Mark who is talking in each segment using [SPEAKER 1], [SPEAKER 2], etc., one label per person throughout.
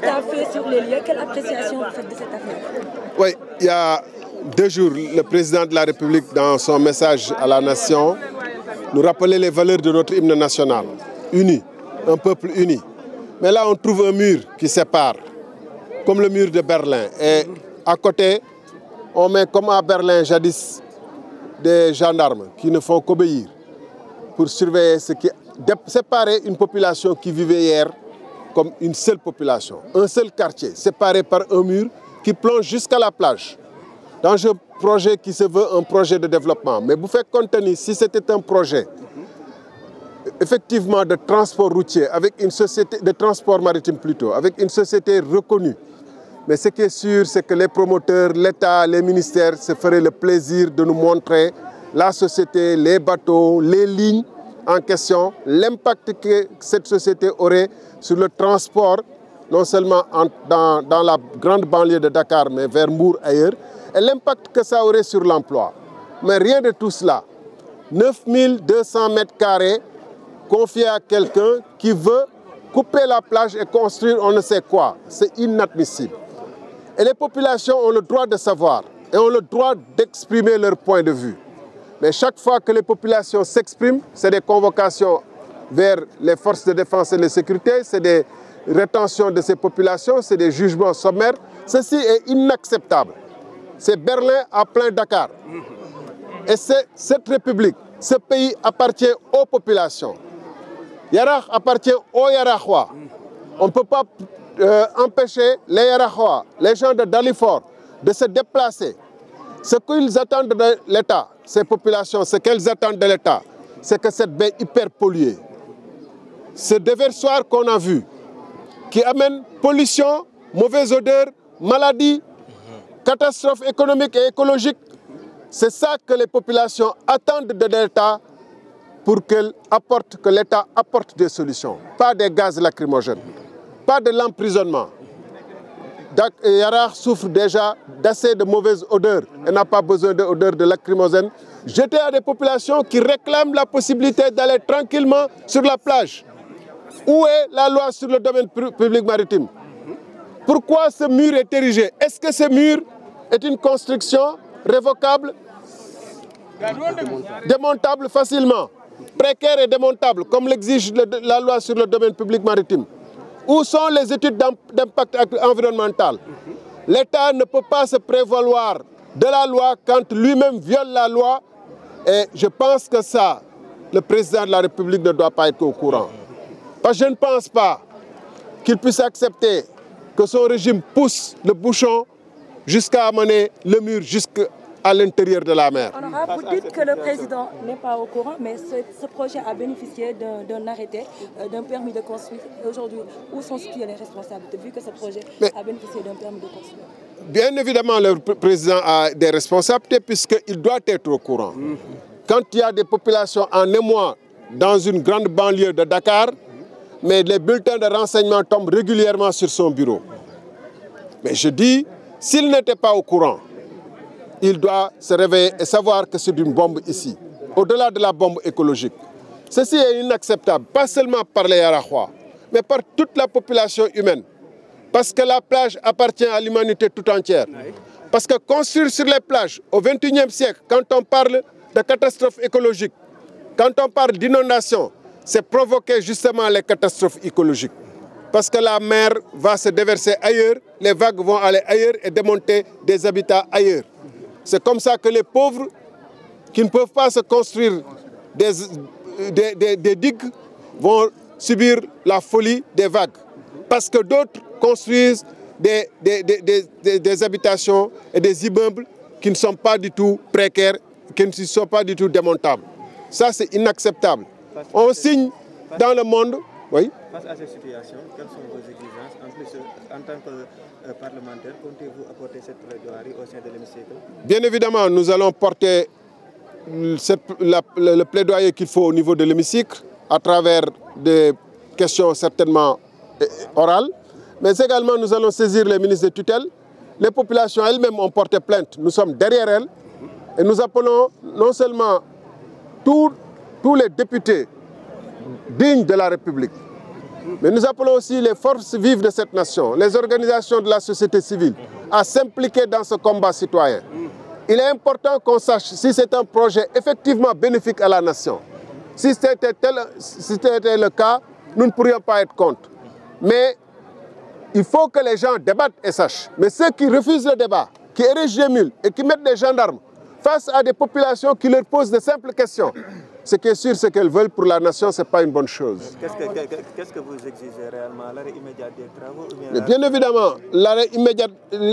[SPEAKER 1] constat fait sur les de cette le président de la République, dans son message à la nation, nous rappelait les valeurs de notre hymne national. Uni, un peuple uni. Mais là, on trouve un mur qui sépare, comme le mur de Berlin. Et à côté, on met comme à Berlin jadis des gendarmes qui ne font qu'obéir pour surveiller ce qui séparer une population qui vivait hier comme une seule population, un seul quartier séparé par un mur qui plonge jusqu'à la plage. Dans ce projet qui se veut un projet de développement, mais vous faites compte tenu, si c'était un projet effectivement de transport routier avec une société de transport maritime plutôt, avec une société reconnue. Mais ce qui est sûr, c'est que les promoteurs, l'État, les ministères se feraient le plaisir de nous montrer la société, les bateaux, les lignes en question l'impact que cette société aurait sur le transport, non seulement en, dans, dans, la grande banlieue de Dakar, mais vers Mour ailleurs, et l'impact que ça aurait sur l'emploi. Mais rien de tout cela. 9200 mètres carrés confiés à quelqu'un qui veut couper la plage et construire on ne sait quoi. C'est inadmissible. Et les populations ont le droit de savoir et ont le droit d'exprimer leur point de vue. Mais chaque fois que les populations s'expriment, c'est des convocations vers les forces de défense et de sécurité, c'est des rétentions de ces populations, c'est des jugements sommaires. Ceci est inacceptable. C'est Berlin à plein Dakar. Et c'est cette République, ce pays appartient aux populations. Yarach appartient aux Yarachois. On ne peut pas euh, empêcher les Yarachois, les gens de Dalifor, de se déplacer, Ce qu'ils attendent de l'État, ces populations, ce qu'elles attendent de l'État, c'est que cette baie hyper polluée, ce déversoir qu'on a vu, qui amène pollution, mauvaise odeur, maladie, catastrophe économique et écologique, c'est ça que les populations attendent de l'État pour qu'elle apporte, que l'État apporte des solutions. Pas des gaz lacrymogènes, pas de l'emprisonnement, Yarah souffre déjà d'assez de mauvaises odeurs et n'a pas besoin d'odeurs de lacrymogène. Jeter à des populations qui réclament la possibilité d'aller tranquillement sur la plage. Où est la loi sur le domaine public maritime Pourquoi ce mur est érigé Est-ce que ce mur est une construction révocable, démontable facilement, précaire et démontable, comme l'exige la loi sur le domaine public maritime Où sont les études d'impact environnemental L'État ne peut pas se prévaloir de la loi quand lui-même viole la loi. Et je pense que ça, le président de la République ne doit pas être au courant. Parce que je ne pense pas qu'il puisse accepter que son régime pousse le bouchon jusqu'à amener le mur à l'intérieur de la mer. Honorable, vous dites que le président n'est pas au courant, mais ce, projet a bénéficié d'un arrêté, euh, d'un permis de construire. Aujourd'hui, où sont projet a bénéficié d'un permis de construire Bien évidemment, le président a des responsabilités puisqu'il doit être au courant. Mm-hmm. Quand il y a des populations en émoi dans une grande banlieue de Dakar, mais les bulletins de renseignement tombent régulièrement sur son bureau. Mais je il doit se réveiller et savoir que c'est une bombe ici, au-delà de la bombe écologique. Ceci est inacceptable, pas seulement par les Yarahois, mais par toute la population humaine. Parce que la plage appartient à l'humanité tout entière. Parce que construire sur les plages au XXIe siècle, quand on parle de catastrophe écologique, quand on parle d'inondation, c'est provoquer justement les Parce que la mer va se déverser ailleurs, les vagues vont aller ailleurs et démonter des habitats ailleurs. C'est comme ça que les pauvres qui ne peuvent pas se construire des, des, des, des digues vont subir la folie des vagues. Parce que d'autres construisent des, des habitations et des immeubles qui ne sont pas du tout précaires, qui ne sont pas du tout démontables. Ça, c'est inacceptable. On signe dans le monde... Face à cette situation, quelles sont vos exigences En plus, en tant que euh, parlementaire, de Bien évidemment, nous allons porter le, le plaidoyer qu'il faut au niveau de l'hémicycle à travers des questions certainement euh, orales. Mais également, nous allons saisir les ministres de tutelle. Les populations elles-mêmes ont porté plainte. Nous sommes derrière elles. Et nous appelons non seulement tous les députés dignes de la République, Mais nous appelons aussi les forces vives de cette nation, les organisations de la société civile, à s'impliquer dans ce combat citoyen. Il est important qu'on sache si c'est un projet effectivement bénéfique à la nation. Si c'était si le cas, nous ne pourrions pas être contre. Mais il faut que les gens débattent et sachent. Mais ceux qui refusent le débat, qui érigent des mules et qui mettent des gendarmes, face à des populations qui leur posent de simples questions. Ce qui est sûr, c'est qu'elles veulent pour la nation, ce n'est pas une bonne chose. Qu Qu'est-ce qu que, vous exigez réellement L'arrêt immédiat des travaux ou Bien évidemment, l'arrêt immédiat,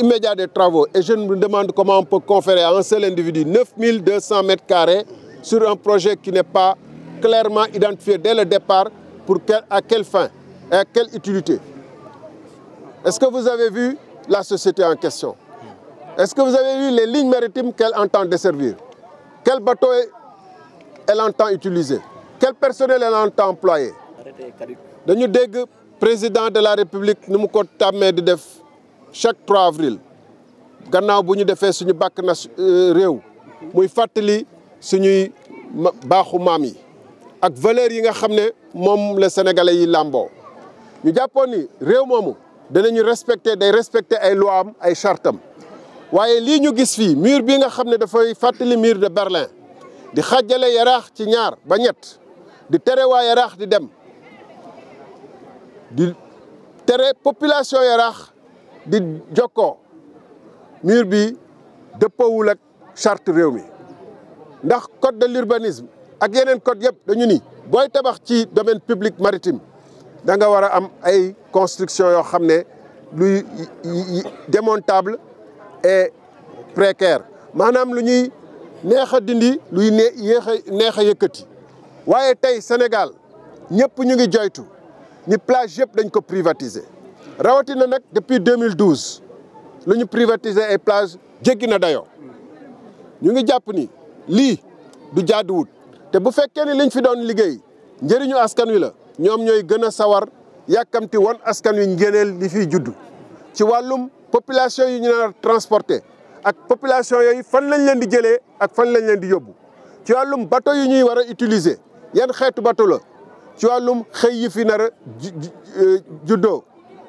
[SPEAKER 1] immédiat, des travaux. Et je me demande comment on peut conférer à un seul individu 9200 mètres carrés sur un projet qui n'est pas clairement identifié dès le départ pour quel, à quelle fin et à quelle utilité. Est-ce que vous avez vu la société en question Est-ce que vous avez vu les lignes maritimes qu'elle entend desservir Quel bateau elle temps utiliser Quel personnel elle entend employer dañu dégg président de la République ni mu ko tàmmee di def chaque 3 avril gannaaw bu ñu defee suñu bàkk na euh, réew muy fàttali suñuy baaxu maam yi ak valeur yi nga xam ne moom la sénégalais yi làmboo ñu jàppoon ni réew moomu danañu respecter day respecter ay loi am ay chartam waaye lii ñu gis fii mur bi nga xam ne dafay fàttali mur de Berlin di xajale yaraax ci ñaar ba ñett di tere waa yaraax di dem di tere population yaraax di jokkoo mur bi dëppawul ak charte réew mi ndax code de l'urbanisme ak yeneen code yëpp dañu ni booy tabax ci domaine public maritime da nga war a am ay construction yoo xam ne luy démontable et précaire maanaam lu ñuy neex a dindi luy nee yéex neex a yëkkati waaye tey Sénégal ñëpp ñu ngi joytu ni plage yëpp dañ ko privatisé rawatina nag depuis 2012 lu ñu privatiser ay plage jéggi na dayoo ñu ngi jàpp ni lii du jaaduwut te bu fekkee ni liñ fi doon liggéey njëriñu askan wi la ñoom ñooy gën a sawar yàkkamti woon askan wi ngëneel li fiy juddu ci wàllum population yi ñu nar transporter ak population yooyu fan lañ leen di jëlee ak fan lañ leen di yóbbu ci wàllum bateau yi ñuy war a utiliser yan xeetu bateau la ci wàllum xëy yi fi nar a euh, juddoo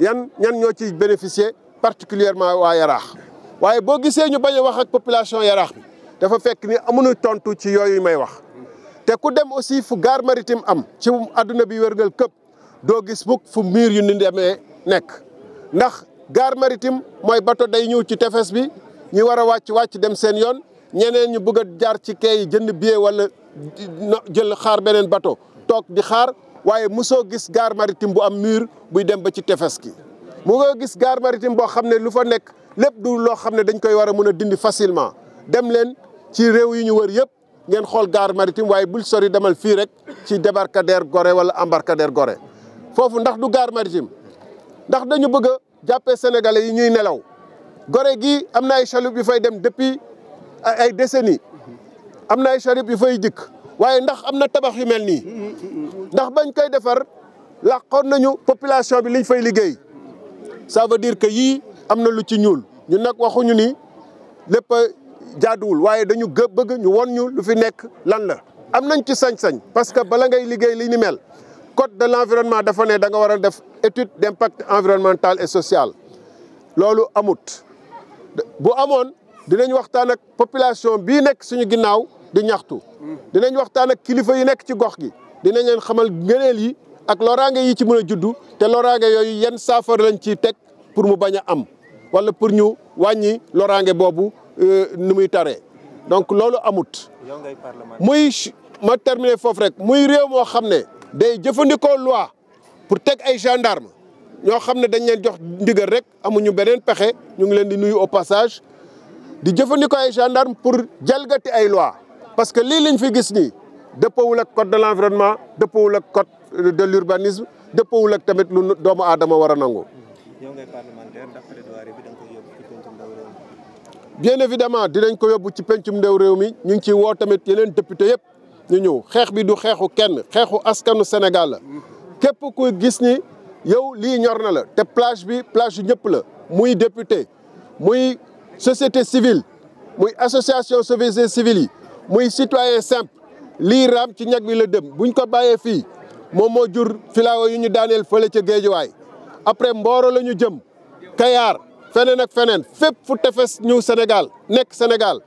[SPEAKER 1] yan ñan ñoo ciy bénéficier particulièrement waa yaraax waaye boo gisee ñu bañ a wax ak population yaraax bi dafa fekk ni amuñu tontu ci yooyu may wax te ku dem aussi fu gare maritime am ci àdduna bi wërngal këpp doo gis mukk fu miir yu ni demee nekk ndax gare maritime mooy bato day ñëw ci tefes bi ñu war a wàcc wàcc dem seen yoon ñeneen ñu bëgg a jaar ci kay jën billet wala jël xaar beneen bato toog di xaar waaye mosoo gis gare maritime bu am mur buy dem ba ci tefes gi. mu nga gis gare maritime boo xam ne lu fa nekk lépp du loo xam ne dañ koy war a mën a dindi facilement dem leen ci réew yi ñu wër yëpp ngeen xool gare maritime waaye bul sori demal fii rek ci débarcadère gore wala embarkader Gorée foofu ndax du jàppe sénégalais yi ñuy nelaw gore gi am na ay chaloupe yu fay dem depuis ay décennies am na ay chaloupe yu fay jëkk waaye ndax am na tabax yu mel nii ndax bañ koy defar làqoon nañu population bi liñ fay liggéey ça veut dire que yii am na lu ci ñuul ñu nag waxuñu ni lépp jaaduwul waaye dañu gë bëgg ñu won ñu lu fi nekk lan la am nañ ci sañ-sañ parce que bala ngay liggéey li ni mel code de l'environnement dafa ne da nga war a def étude d'impact environnemental et social loolu amut bu amoon dinañ waxtaan ak population bii nekk suñu ginnaaw di ñaxtu dinañ waxtaan ak kilifa yi nekk ci gox gi dinañ leen xamal ngëneel yi ak loraange yi ci mën a juddu te loraange yooyu yan saafara lañ ciy teg pour mu bañ a am wala pour ñu wàññi loraange boobu euh, nu muy taree donc loolu amut muy ma terminer foofu rek muy réew moo xam ne day jëfandikoo loi pour teg ay gendarme ñoo xam ne dañ leen jox ndigal rek amuñu beneen pexe ñu ngi leen di nuyu au passage di jëfandikoo ay gendarme pour jalgati ay loi parce que lii liñ fi gis nii dëppawul ak code de l'environnement dëppawul ak code de l'urbanisme dëppawul ak tamit lu doomu aadama war a nangu. yow ngay parlementaire ndax plaidoirie koy yóbbu ci pencum ndaw réew mi. dinañ ko yóbbu ci pencum ndaw réew mi ñu ngi ciy woo tamit yeneen député yëpp. ñu ñëw xeex bi du xeexu kenn xeexu askanu Sénégal la képp ku gis ni yow lii ñor na la te plage bi plage yu ñëpp la muy député muy société civile muy association société civile yi muy citoyen simple lii raam ci ñag bi la dem buñ ko bàyyee fii moom moo jur filaawo yu ñu daaneel fële ca géejuwaay après Mboro la ñu jëm Kayar feneen ak feneen fépp fu tefes ñu Sénégal nekk Sénégal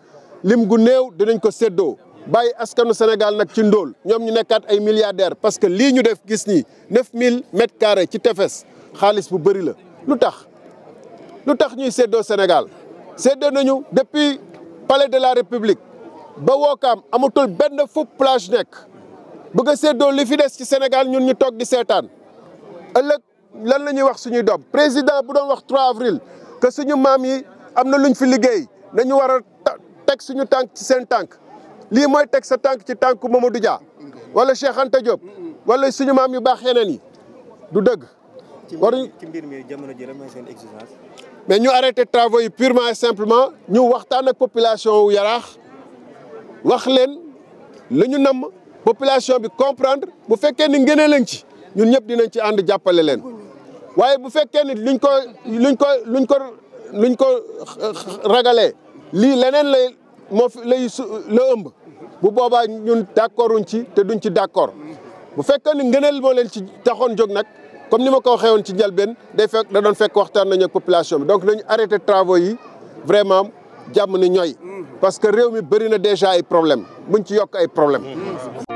[SPEAKER 1] lim gu néew dinañ ko seddoo bàyyi askanu Sénégal nag ci ndool ñoom ñu nekkaat ay milliardaires parce que lii ñu def gis nii mille mètres carrés ci tefes xaalis bu bëri la. lu tax lu tax ñuy séddoo Sénégal séddoo nañu depuis palais de la République ba Wokam amatul benn fu plage nekk bëgg a séddoo li fi des ci Sénégal ñun ñu toog di seetaan ëllëg lan la ñuy wax suñuy doom président bu doon wax trois avril que suñu maam yi am na lu luñ fi liggéey nañu war a teg suñu tànk ci seen tànk. lii mooy teg sa tànk ci tànk Mamadou Dia wala Cheikh Anta Diop wala suñu maam yu baax yeneen yi du dëgg. waruñ ci mbir mi jamono ji mooy seen exigence. mais ñu arrêté travaux yi purement et simplement ñu waxtaan ak population wu yaraax wax leen lu ñu namm population bi comprendre bu fekkee ni ngënee lañ ci ñun ñëpp dinañ ci ànd jàppale leen waaye bu fekkee ni luñ ko luñ ko luñ ko luñ ko euh, ragalee lii leneen lay moo fi lay su la ëmb. bu boobaa ñun d'accorduñ ci te duñ ci d'accord bu fekkee ni ngëneel moo leen ci taxoon jóg nag comme ni ma ko waxee woon ci njëlbeen day fekk da doon fekk waxtaan nañ ak population bi donc nañu arrêté travaux yi vraiment jàmm ni ñooy parce que réew mi bëri na déjà ay problème buñ ci yokk ay problème